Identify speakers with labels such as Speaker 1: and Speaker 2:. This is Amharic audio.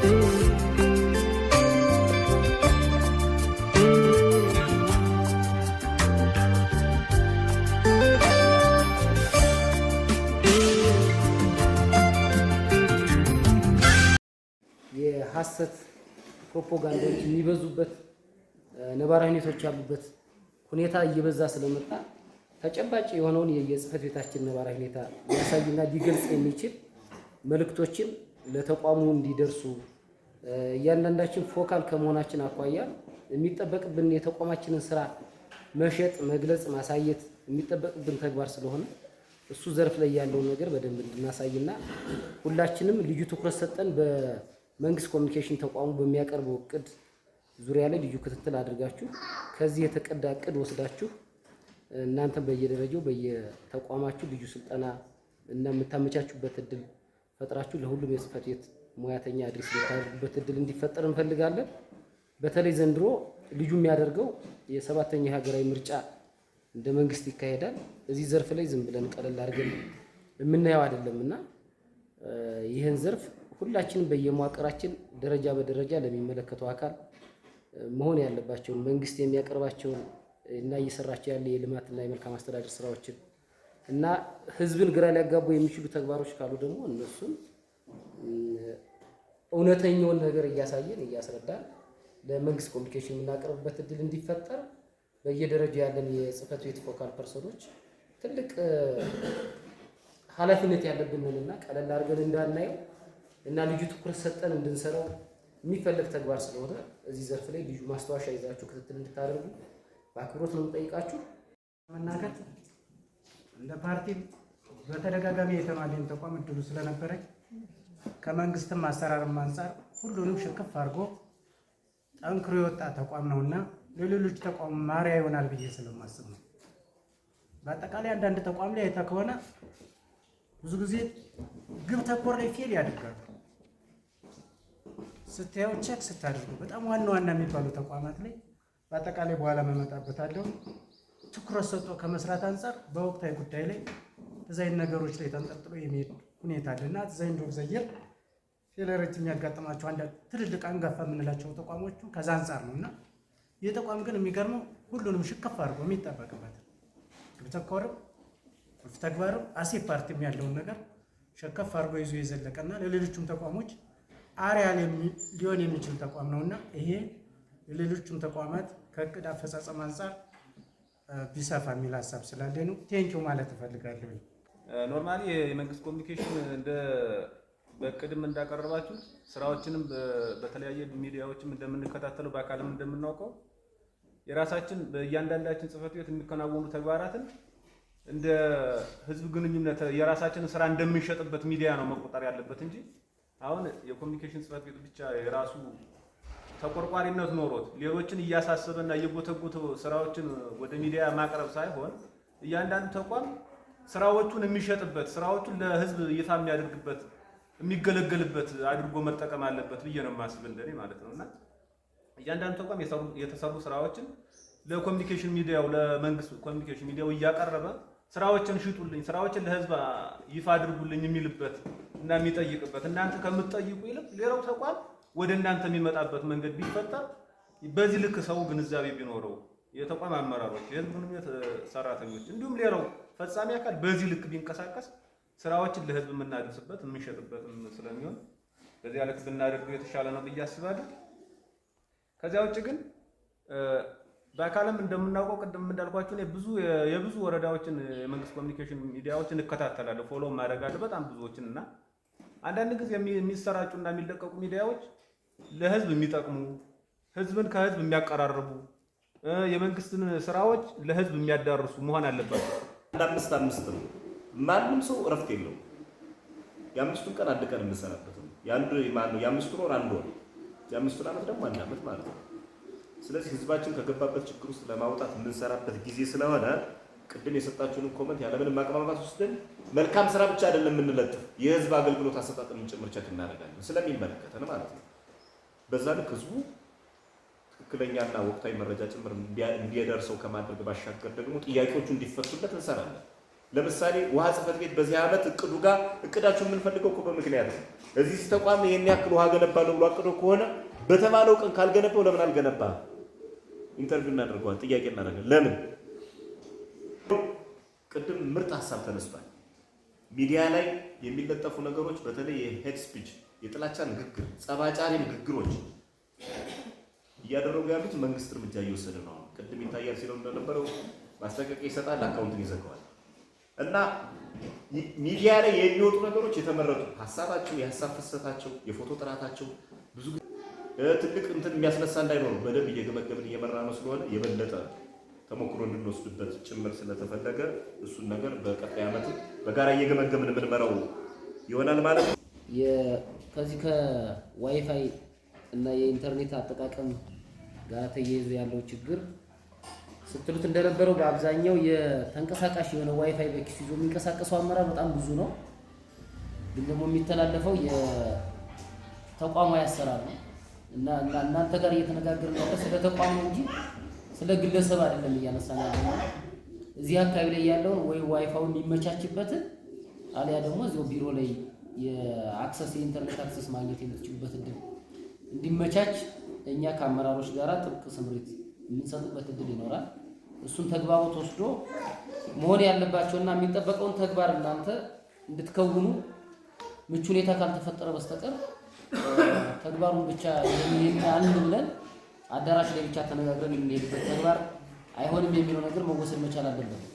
Speaker 1: የሐሰት ፕሮፓጋንዳዎች የሚበዙበት ነባራዊ ሁኔታዎች ያሉበት ሁኔታ እየበዛ ስለመጣ ተጨባጭ የሆነውን የጽህፈት ቤታችን ነባራዊ ሁኔታ ሊያሳይና ሊገልጽ የሚችል መልእክቶችን ለተቋሙ እንዲደርሱ እያንዳንዳችን ፎካል ከመሆናችን አኳያ የሚጠበቅብን የተቋማችንን ስራ መሸጥ፣ መግለጽ፣ ማሳየት የሚጠበቅብን ተግባር ስለሆነ እሱ ዘርፍ ላይ ያለውን ነገር በደንብ እንድናሳይና ሁላችንም ልዩ ትኩረት ሰጠን በመንግስት ኮሚኒኬሽን ተቋሙ በሚያቀርበው እቅድ ዙሪያ ላይ ልዩ ክትትል አድርጋችሁ ከዚህ የተቀዳ እቅድ ወስዳችሁ እናንተም በየደረጃው በየተቋማችሁ ልዩ ስልጠና እና የምታመቻችሁበት እድል ፈጥራችሁ ለሁሉም የጽህፈት ቤት ሙያተኛ አድሬስ የምታደርጉበት እድል እንዲፈጠር እንፈልጋለን። በተለይ ዘንድሮ ልዩ የሚያደርገው የሰባተኛ ሀገራዊ ምርጫ እንደ መንግስት ይካሄዳል። እዚህ ዘርፍ ላይ ዝም ብለን ቀለል አድርገን የምናየው አይደለም እና ይህን ዘርፍ ሁላችንም በየመዋቅራችን ደረጃ በደረጃ ለሚመለከተው አካል መሆን ያለባቸውን መንግስት የሚያቀርባቸውን እና እየሰራቸው ያለ የልማትና የመልካም አስተዳደር ስራዎችን እና ህዝብን ግራ ሊያጋቡ የሚችሉ ተግባሮች ካሉ ደግሞ እነሱን እውነተኛውን ነገር እያሳየን እያስረዳን ለመንግስት ኮሚኒኬሽን የምናቀርብበት እድል እንዲፈጠር በየደረጃ ያለን የጽህፈት ቤት ፎካል ፐርሰኖች ትልቅ ኃላፊነት ያለብንንና ቀለል አድርገን እንዳናየው እና ልዩ ትኩረት ሰጠን እንድንሰራው የሚፈለግ ተግባር ስለሆነ እዚህ ዘርፍ ላይ ልዩ ማስታወሻ ይዛችሁ ክትትል እንድታደርጉ በአክብሮት ነው የምጠይቃችሁ መናገር እንደ ፓርቲ በተደጋጋሚ የተማሪን ተቋም እድሉ ስለነበረኝ ከመንግስትም አሰራርም አንጻር ሁሉንም ሽክፍ አድርጎ ጠንክሮ የወጣ ተቋም ነውና ለሌሎች ተቋም ማሪያ ይሆናል ብዬ ስለማስብ ነው። በአጠቃላይ አንዳንድ ተቋም ላይ አይታ ከሆነ ብዙ ጊዜ ግብ ተኮር ላይ ፌል ያደርጋሉ። ስታየው ቼክ ስታደርጉ በጣም ዋና ዋና የሚባሉ ተቋማት ላይ በአጠቃላይ በኋላ መመጣበታለሁ። ትኩረት ሰጥቶ ከመስራት አንጻር በወቅታዊ ጉዳይ ላይ ተዛይን ነገሮች ላይ ተንጠልጥሎ የሚሄድ ሁኔታ አለና ተዛይን ዶር ዘየር ፌለሬት የሚያጋጥማቸው አንድ ትልልቅ አንጋፋ የምንላቸው ተቋሞቹ ከዛ አንጻር ነው እና ይህ ተቋም ግን የሚገርመው ሁሉንም ሽክፍ አድርጎ የሚጠበቅበት ተኮርም ተግባርም አሴ ፓርቲም ያለውን ነገር ሸከፍ አድርጎ ይዞ የዘለቀና ለሌሎቹም ተቋሞች አርያ ሊሆን የሚችል ተቋም ነውና ይሄ ለሌሎቹም ተቋማት ከእቅድ አፈጻጸም አንጻር ቢሰፋ የሚል ሀሳብ ስላለ ነው። ቴንኪው ማለት እፈልጋለሁ። ኖርማሊ የመንግስት ኮሚኒኬሽን
Speaker 2: እንደ በቅድም እንዳቀረባችሁት ስራዎችንም በተለያየ ሚዲያዎችም እንደምንከታተለው በአካልም እንደምናውቀው የራሳችን በእያንዳንዳችን ጽህፈት ቤት የሚከናወኑ ተግባራትን እንደ ህዝብ ግንኙነት የራሳችንን ስራ እንደምንሸጥበት ሚዲያ ነው መቆጠር ያለበት እንጂ አሁን የኮሚኒኬሽን ጽህፈት ቤት ብቻ የራሱ ተቆርቋሪነት ኖሮት ሌሎችን እያሳሰበና እየጎተጎተ ስራዎችን ወደ ሚዲያ ማቅረብ ሳይሆን እያንዳንዱ ተቋም ስራዎቹን የሚሸጥበት ስራዎቹን ለህዝብ እይታ የሚያደርግበት የሚገለገልበት አድርጎ መጠቀም አለበት ብዬ ነው የማስብ እንደኔ ማለት ነው። እና እያንዳንዱ ተቋም የተሰሩ ስራዎችን ለኮሚኒኬሽን ሚዲያው ለመንግስት ኮሚኒኬሽን ሚዲያው እያቀረበ ስራዎችን ሽጡልኝ፣ ስራዎችን ለህዝብ ይፋ አድርጉልኝ የሚልበት እና የሚጠይቅበት እናንተ ከምትጠይቁ ይልቅ ሌላው ተቋም ወደ እናንተ የሚመጣበት መንገድ ቢፈጠር በዚህ ልክ ሰው ግንዛቤ ቢኖረው የተቋም አመራሮች፣ የህዝብ ግንኙነት ሰራተኞች፣ እንዲሁም ሌላው ፈጻሚ አካል በዚህ ልክ ቢንቀሳቀስ ስራዎችን ለህዝብ የምናደርስበት የምንሸጥበትም ስለሚሆን በዚያ ልክ ብናደርገው የተሻለ ነው ብዬ አስባለሁ። ከዚያ ውጭ ግን በአካልም እንደምናውቀው ቅድም እንዳልኳችሁ ብዙ የብዙ ወረዳዎችን የመንግስት ኮሚኒኬሽን ሚዲያዎችን እከታተላለሁ፣ ፎሎ በጣም ብዙዎችን እና አንዳንድ ጊዜ የሚሰራጩና የሚለቀቁ ሚዲያዎች ለህዝብ የሚጠቅሙ ህዝብን ከህዝብ የሚያቀራርቡ የመንግስትን ስራዎች ለህዝብ የሚያዳርሱ መሆን አለባቸው። አንድ አምስት አምስት ነው። ማንም ሰው እረፍት የለው። የአምስቱን ቀን አንድ ቀን የምሰናበት
Speaker 3: ነው። የአንዱ ማን ነው? የአምስቱን ወር አንድ ወር፣ የአምስቱን ዓመት ደግሞ አንድ ዓመት ማለት ነው። ስለዚህ ህዝባችን ከገባበት ችግር ውስጥ ለማውጣት የምንሰራበት ጊዜ ስለሆነ ቅድም የሰጣችሁንን ኮመንት ያለምንም ማቀማማት ውስጥን መልካም ስራ ብቻ አይደለም የምንለጥፍ የህዝብ አገልግሎት አሰጣጥን ጭምር ቸክ እናደርጋለን ስለሚመለከተን ማለት ነው። በዛ ልክ ህዝቡ ትክክለኛና ወቅታዊ መረጃ ጭምር እንዲደርሰው ከማድረግ ባሻገር ደግሞ ጥያቄዎቹ እንዲፈቱለት እንሰራለን። ለምሳሌ ውሃ ጽህፈት ቤት በዚህ ዓመት እቅዱ ጋር እቅዳችሁ የምንፈልገው እኮ በምክንያት ነው። እዚህ ተቋም ይህን ያክል ውሃ ገነባለሁ ብሎ አቅዶ ከሆነ በተባለው ቀን ካልገነባው ለምን አልገነባ? ኢንተርቪው እናደርገዋል፣ ጥያቄ እናደርጋለን። ለምን ቅድም ምርጥ ሀሳብ ተነስቷል። ሚዲያ ላይ የሚለጠፉ ነገሮች በተለይ የሄድ ስፒች የጥላቻ ንግግር፣ ጸባጫሪ ንግግሮች እያደረጉ ያሉት መንግስት እርምጃ እየወሰደ ነው። ቅድም ይታያል ሲለው እንደነበረው ማስጠንቀቂያ ይሰጣል፣ አካውንትን ይዘጋዋል። እና ሚዲያ ላይ የሚወጡ ነገሮች የተመረጡ ሀሳባቸው፣ የሀሳብ ፍሰታቸው፣ የፎቶ ጥራታቸው ብዙ ትልቅ እንትን የሚያስነሳ እንዳይኖሩ በደንብ እየገመገምን እየመራ ነው ስለሆነ የበለጠ ተሞክሮ እንድንወስድበት ጭምር ስለተፈለገ እሱን ነገር በቀጣይ ዓመት በጋራ እየገመገምን የምንመራው ይሆናል ማለት ነው። ከዚህ ከዋይፋይ እና የኢንተርኔት አጠቃቀም ጋር ተያይዞ ያለው ችግር ስትሉት እንደነበረው በአብዛኛው የተንቀሳቃሽ የሆነ ዋይፋይ በኪስ ይዞ የሚንቀሳቀሰው አመራር በጣም ብዙ ነው። ግን ደግሞ የሚተላለፈው የተቋማዊ አሰራር ነው እና
Speaker 1: እናንተ ጋር እየተነጋገርን ነው ስለ ተቋሙ እንጂ ስለ ግለሰብ አይደለም እያነሳን ያለ እዚህ አካባቢ ላይ ያለውን ወይ ዋይፋውን የሚመቻችበትን አሊያ ደግሞ እዚው ቢሮ ላይ የአክሰስ የኢንተርኔት አክሰስ ማግኘት የምትችሉበት እድል እንዲመቻች እኛ ከአመራሮች ጋር ጥብቅ ስምሪት የምንሰጥበት እድል ይኖራል። እሱን ተግባቦት ወስዶ መሆን ያለባቸውና የሚጠበቀውን ተግባር እናንተ እንድትከውኑ ምቹ ሁኔታ ካልተፈጠረ በስተቀር ተግባሩን ብቻ አንድ ብለን አዳራሽ ላይ ብቻ ተነጋግረን የምንሄድበት ተግባር አይሆንም የሚለው ነገር መወሰድ መቻል አለበት።